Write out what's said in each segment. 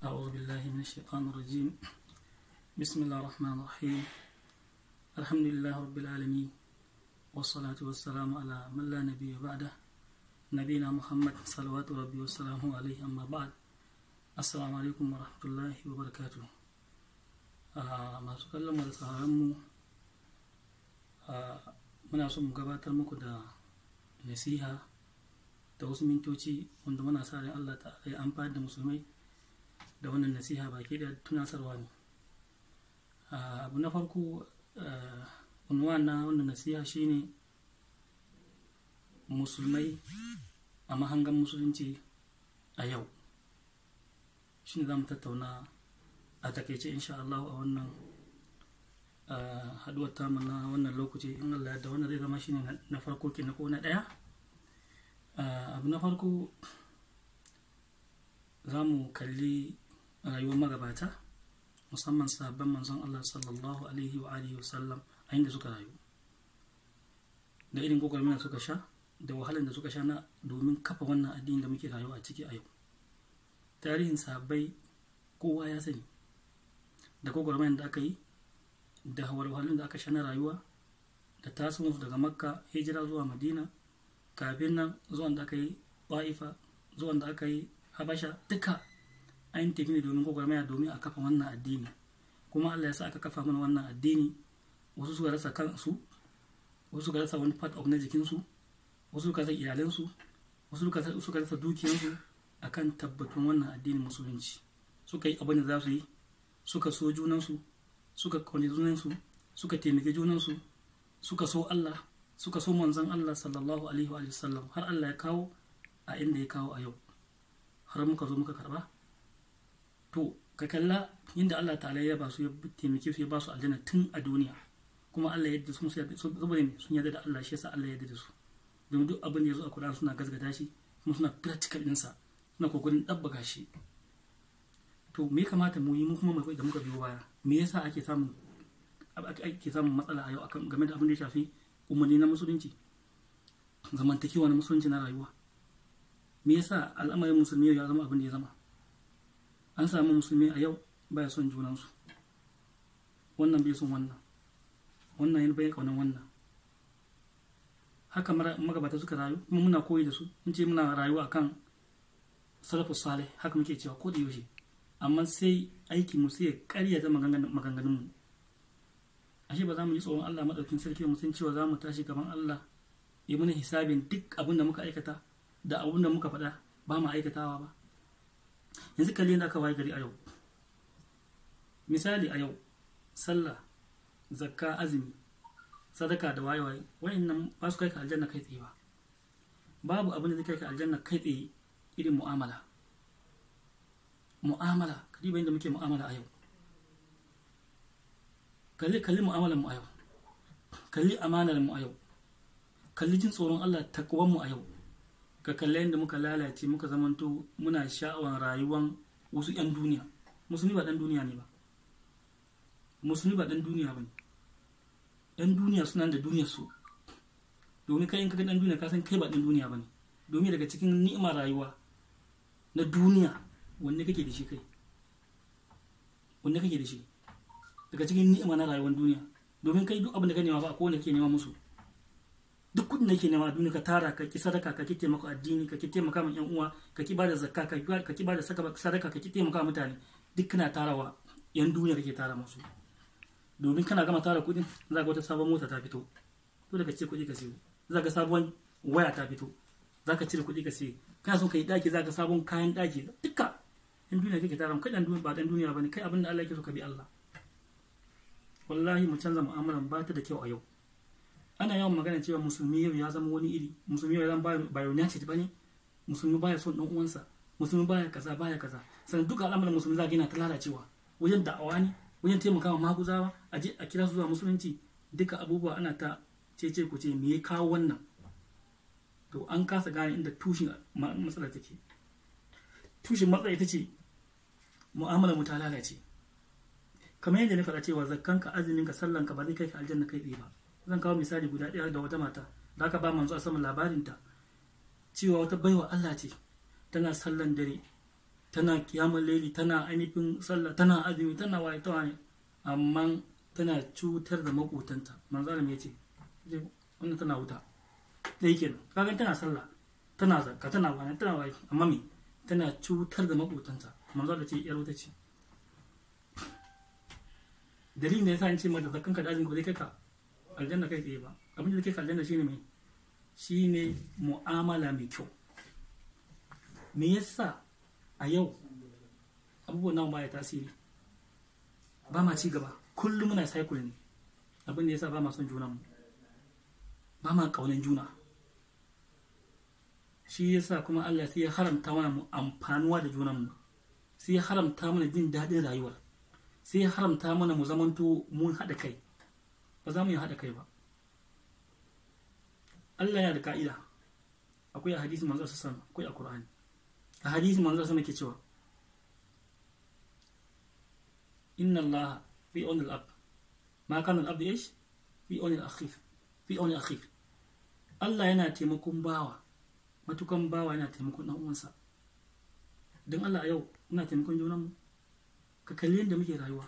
أعوذ بالله من الشيطان الرجيم بسم الله الرحمن الرحيم الحمد لله رب العالمين والصلاة والسلام على من لا نبي بعده نبينا محمد صلوات ربي وسلامه عليه أما بعد السلام عليكم ورحمة الله وبركاته ما تكلم mu muna so mu gabatar muku da nasiha da wasu mintoci wanda muna sa ran Allah ta amfani da musulmai da wannan nasiha baki da tunasarwa ne abu na farko unuwa na wannan nasiha shine musulmai a mahangan musulunci a yau ne za mu tattauna a takaice insha Allah a wannan haduwar tamu na wannan lokaci in Allah da wannan zai zama shi ne na farko ke na ko na daya abu na farko za mu kalli rayuwar magabata musamman sabon manzon Allah sallallahu alaihi wa alihi wa sallam a inda suka rayu da irin kokarin da suka sha da wahalar da suka sha na domin kafa wannan addini da muke rayuwa a ciki a yau tarihin sabai kowa ya sani da kokarin da aka yi da wahalar da aka sha na rayuwa da tasirinsu daga makka hijira zuwa madina kafin nan zuwan da aka yi ba'ifa zuwan da aka yi habasha duka an tafi ne domin maya domin a kafa wannan addini kuma allah ya sa aka kafa mana wannan addini wasu suka rasa kansu wasu suka rasa wani part of na jikinsu wasu suka rasa iyalinsu, wasu suka rasa dukiyansu kan tabbatun wannan addinin musulunci suka yi abin da za su yi suka so junansu suka kone junansu suka taimaki junansu suka so allah suka so manzon allah sallallahu alaihi wa sallam har allah ya kawo a inda ya kawo a yau har muka zo muka karba to ka kalla yadda Allah ta'ala ya ba su ya taimake su ya ba su aljanna tun a duniya kuma Allah ya yarda su saboda ne sun yarda da Allah shi yasa Allah ya yarda da su domin duk abin da ya zo a Qur'ani suna gazgata shi kuma suna practical ɗinsa suna kokarin ɗabbaka shi to me kamata mu yi mu kuma da muka biyo baya me yasa ake samun ake samun matsala a yau akan game da abin da ya shafi umarni na musulunci zamantakewa na musulunci na rayuwa me yasa al'amarin musulmi ya zama abin da ya zama an samu musulmi a yau baya son junansu wannan bai son wannan wannan yin bai kaunan wannan haka magabata suka rayu kuma muna koyi da su in ce muna rayuwa kan salafus sale haka muke cewa ko da yaushe amma sai aiki mu sai karya ta maganganun mu ashe ba za mu yi tsoron Allah madaukin sarki mu san cewa za mu tashi gaban Allah ya muna hisabin duk abin da muka aikata da abin da muka faɗa ba mu aikatawa ba yanzu kalli yadda aka waye gari a yau misali a yau sallah zakka azumi sadaka da waye-waye wayannan ba su kai ka aljanna kai tsaye ba babu abin da zai kai ka aljanna kai tsaye irin mu'amala mu'amala kadi bayan da muke mu'amala a yau kalli kalli mu'amalar mu a yau kalli amanar mu a yau kalli jin tsoron Allah takwan mu a yau ka kalli yadda muka lalace muka zamanto muna sha'awan rayuwan wasu 'yan duniya musulmi ba dan duniya ne ba musulmi ba dan duniya ba ne dan duniya suna da duniyar su domin kai in ka dan duniya kasan kai ba dan duniya ba ne domin daga cikin ni'imar rayuwa na duniya wanne kake da shi kai wanne kake da shi daga cikin ni'ima na rayuwar duniya domin kai duk abin da ka nema ba ko wanda ke nema musu duk kudin da yake nema a duniya ka tara ka ki sadaka ka ki taimaka addini ka ki taimaka ma yan uwa ka ki bada zakka ka ki bada sadaka ka ki taimaka mutane duk kana tarawa yan duniya kake tara musu domin kana gama tara kudin za ka wata sabon mota ta fito dole ka ce kudi ka siyo za ka sabon waya ta fito za ka cire kudi ka siyo kana son ka yi daki za ka sabon kayan daki duka yan duniya kake tara kai dan duniya ba dan duniya bane kai abin da Allah yake so ka bi Allah wallahi mu canza mu'amalan ba ta da kyau a yau ana yawan magana cewa musulmi yau ya zama wani iri musulmi yau ya zama bayonetic ba ne musulmi baya son ɗan uwansa musulmi baya kaza baya kaza sannan duka al'amuran musulmi za gina ta lalacewa wajen da'awa ne wajen taimakawa maguzawa a je a kira su zuwa musulunci duka abubuwa ana ta cece ku ce me ya kawo wannan to an kasa gane inda tushen matsala take tushen matsala ita ce mu'amala mu ta lalace kamar yadda na faɗa cewa zakkanka azumin ka sallan ka ba zai kai ka aljanna kai tsaye ba zan kawo misali guda ɗaya da wata mata da aka ba manzo a saman labarinta cewa wata baiwa Allah ce tana sallan dare tana kiyamun laili tana ainihin sallah tana azumi tana waye ta waye amma tana cutar da makotanta manzo Allah ya ce wannan tana wuta dai kenan kaga tana sallah tana zakka tana waye tana waye amma me tana cutar da makotanta manzo Allah ce yar wuta ce dalilin da yasa an ce mata zakkanka da azumi ba zai kai ka aljanna kai tsaye ba abin da ke aljanna shine mai shine mu'amala mai kyau me yasa a yau abubuwan nan baya tasiri ba ma ci gaba kullum muna cycle ne abin da yasa ba ma son juna mu ba ma kaunan juna shi yasa kuma Allah sai ya haramta mana mu amfanuwa da junan mu sai ya haramta mana jin daɗin rayuwa sai ya haramta mana mu zamanto mun haɗa kai ba za mu yi haɗa kai ba Allah yana da ka'ida akwai a hadisi manzo sallallahu akwai a Qur'ani a hadisi manzo sallallahu ke cewa inna Allah fi on al-ab ma kana al-ab ish fi on al-akhir fi on al-akhir Allah yana taimakon bawa matukan bawa yana taimakon dan uwansa don Allah a yau muna taimakon mu? ka kalli yadda muke rayuwa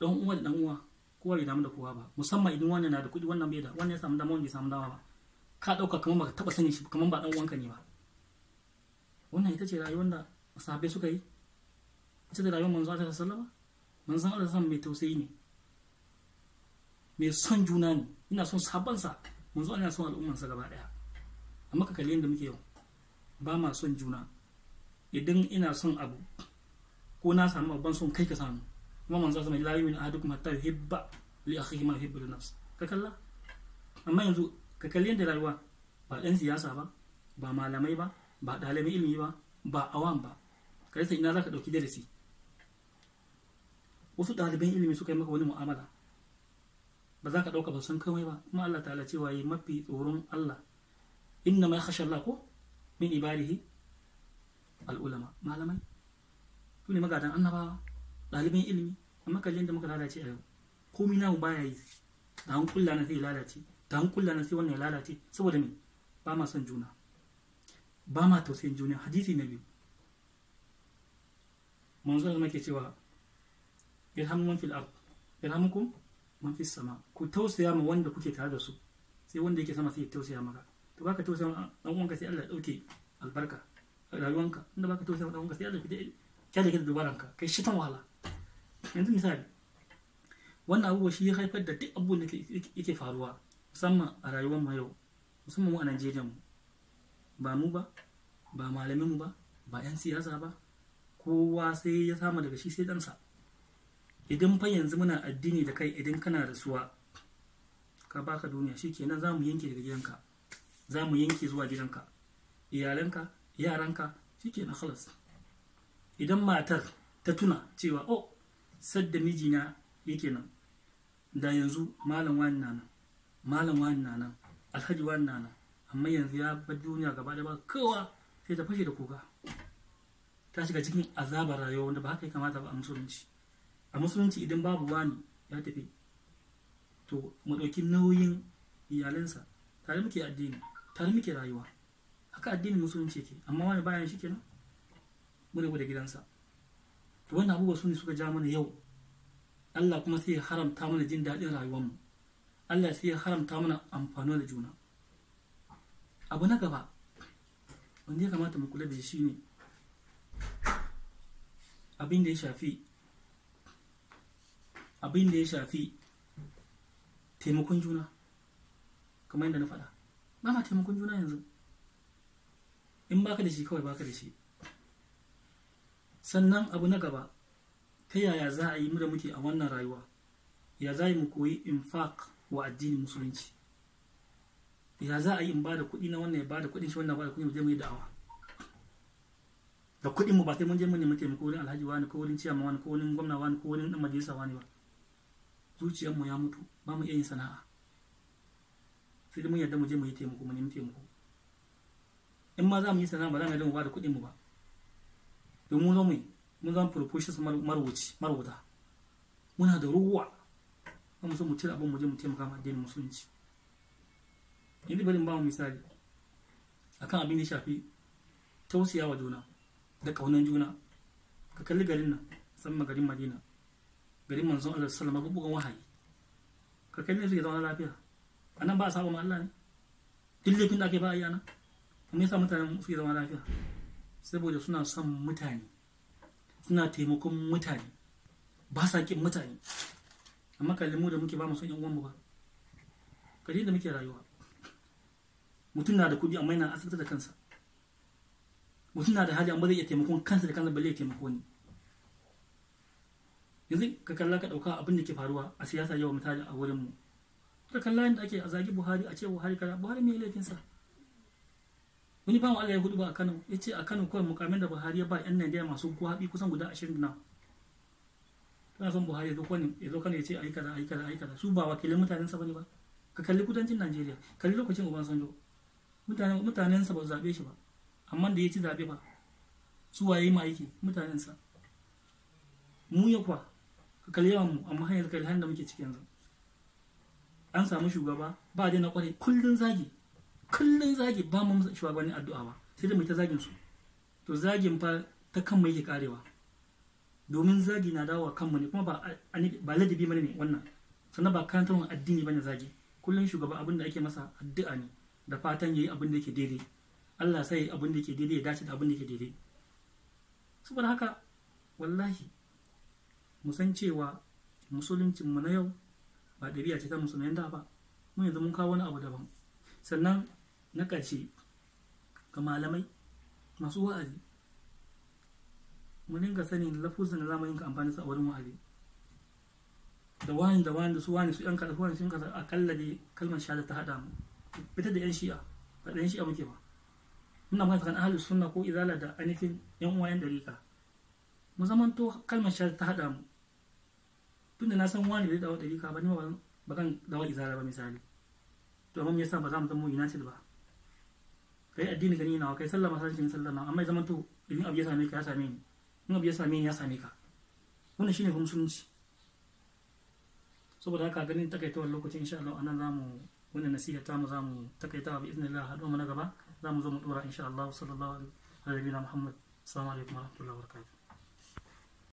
dan uwa da dan uwa kowa bai damu da kowa ba musamman idan wannan na da kuɗi wannan bai da wannan ya samu dama wannan bai samu dama ba ka ɗauka kamar ba ka taɓa sanin shi kamar ba ɗan uwanka ne ba wannan ita ce rayuwar da sahabbai suka yi ita da rayuwar manzo Allah sallama manzo Allah sallama mai tausayi ne mai son juna ne ina son sa manzo Allah son al'ummarsa gaba daya amma ka kalli yadda muke yau ba ma son juna idan ina son abu ko na samu babban son kai ka samu kuma manzo sama la yu'minu ahadukum hatta yuhibba li akhihi ma yuhibbu li nafsi ka kalla amma yanzu ka kalli yadda rayuwa ba ɗan siyasa ba ba malamai ba ba ɗalibai ilimi ba ba awam ba ka rasa ina zaka ka ɗauki darasi wasu ɗaliban ilimi suka yi maka wani mu'amala ba za ka ɗauka ba san kamai ba kuma Allah ta'ala cewa yi mafi tsoron Allah inna mai khasha Allah ko min ibadihi al'ulama malamai su ne magadan annabawa ɗaliban ilimi amma kallon da muka lalace a yau komi namu baya yi da an kulla na sai lalace da an kulla na sai wannan lalace saboda me ba ma son juna ba ma tausayin juna hadisi na biyu manzo Allah ke cewa irhamu man fil ard irhamukum man fis sama ku tausaya ma wanda kuke tare da su sai wanda yake sama sai ya tausaya maka to baka tausaya ma dan uwanka sai Allah ya dauke albarka rayuwanka inda baka tausaya ma dan uwanka sai Allah ya fita kyale ka da dubaranka kai shi tan wahala yanzu misali wannan abubuwa shi ya haifar da duk abubuwan da yake faruwa musamman a rayuwar mu yau musamman mu a Najeriya mu ba mu ba ba malamin mu ba ba 'yan siyasa ba kowa sai ya samu daga shi sai ɗansa idan fa yanzu muna addini da kai idan kana da suwa ka baka duniya shi kenan za mu yanke daga gidanka za mu yanke zuwa gidanka iyalanka yaranka shi kenan halas idan matar ta tuna cewa oh sadda mijina yake nan da yanzu malam wani na nan malam wani na alhaji wani na nan amma yanzu ya bar duniya gaba da ba kowa sai ta fashe da kuka ta shiga cikin azabar rayuwa wanda ba haka ya kamata ba a musulunci a musulunci idan babu wani ya tafi to mu nauyin iyalinsa tare muke addini tare muke rayuwa haka addinin musulunci yake amma wani bayan shi kenan mu da gidansa wannan abubuwa su ne suka ja mana yau Allah kuma sai ya haramta mana jin daɗin rayuwarmu Allah sai ya haramta mana amfani da juna abu na gaba wanda ya kamata mu kula da shi ne abin da ya shafi abin da ya shafi taimakon juna kamar yadda na faɗa ba ma taimakon juna yanzu in baka da shi kawai baka da shi sannan abu na gaba ta yaya za a yi mu da muke a wannan rayuwa ya za mu koyi infaq wa addinin musulunci ya za a yi in ba da kuɗi na wannan ya ba da kuɗin shi wannan ba da kuɗi mu je mu yi da'awa da kuɗin mu ba sai mun je mun nemi taimako wurin alhaji wani ko wurin ciyama wani ko wurin gwamna wani ko wurin dan majalisa wani ba zuciyar mu ya mutu ba mu iya yin sana'a sai dai mun yarda mu je mu yi taimako mu nemi taimako in ma za mu yi sana'a ba za mu yarda mu ba da kuɗin mu ba domin mun zama mun zama professionals su marwuta muna da ruwa ba mu so mu abin mu je mu taimaka ma addinin musulunci yanzu bari in ba mu misali akan abin da shafi tausaya wa juna da kaunan juna ka kalli garin nan musamman garin madina garin manzon allah sallama bubugan wahayi ka kalli su ya zauna lafiya a nan ba a saba ma allah ne duk laifin da ake ba a yana amma ya sa mutanen su ya zama lafiya saboda suna son mutane suna taimakon mutane ba sa kin mutane amma kallon mu da muke ba mu son yan uwanmu ba kaje da muke rayuwa mutum na da kudi amma yana asibiti da kansa mutum na da hali amma zai iya taimakon kansa da kansa balle ya taimako ni yanzu ka kalla ka dauka abin da ke faruwa a siyasa yau misali a wurin mu ka kalla yadda ake a zagi Buhari a ce Buhari kaza Buhari me laifinsa wani bawan Allah ya hudu ba a Kano ya ce a Kano kawai mukamin da Buhari ya ba 'yan Najeriya masu guhaɓi kusan guda ashirin na tana son Buhari ya zo kwani ya zo ya ce a kaza ayi kaza yi kaza su ba wakilin mutanen ba ne ba ka kalli kudancin Najeriya kalli lokacin Uban Sanjo mutanen sa ba zaɓe shi ba amma da ya ci zaɓe ba su waye ma yake mutanen sa mu ya kwa ka kalli yawan mu amma hanyar kalli hanyar da muke cikin yanzu an samu shugaba ba dai na kwarai kullun zagi kullun zagi ba mu musu shugabanni addu'a ba sai da mu ta zagin su to zagin fa ta kan mai yake karewa domin zagi na dawowa kanmu ne kuma ba ba ladabi mana ne wannan sannan ba wa addini bane zagi kullun shugaba abin da ake masa addu'a ne da fatan yayi abin da yake daidai Allah sai abin da yake daidai ya dace da abin da yake daidai saboda haka wallahi mu san cewa musuluncin mu na yau ba ɗabi'a ce ta musulmai da ba mun yanzu mun kawo wani abu daban sannan na ƙarshe ga malamai masu wa'azi mu dinga na lafuzin da zamu ka amfani sa a wurin wa'azi da wani da wani da su wani su yan kaza wani sun kaza akalla ne kalmar shahada ta hada mu fitar da yan shi'a ba da yan shi'a muke ba muna mai tsakanin ahalus sunna ko izala da anifin yan uwa yan dariƙa mu to kalmar shahada ta hada mu tunda na san wani da dawo dariƙa ba ni ba kan dawo izala ba misali domin yasa ba za mu zama united ba kai addini gani nawa kai sallah masallaci ne sallah nawa amma zaman to in abu ya same ka ya same ni in abu ya same ni ya same ka wannan shine musulunci saboda haka ganin takaitawar lokacin insha Allah anan zamu wannan nasiha ta mu zamu takaitawa bi idnillah hadu mu na gaba zamu zo mu dora insha Allah sallallahu alaihi wa sallam Muhammad assalamu alaikum wa barakatuh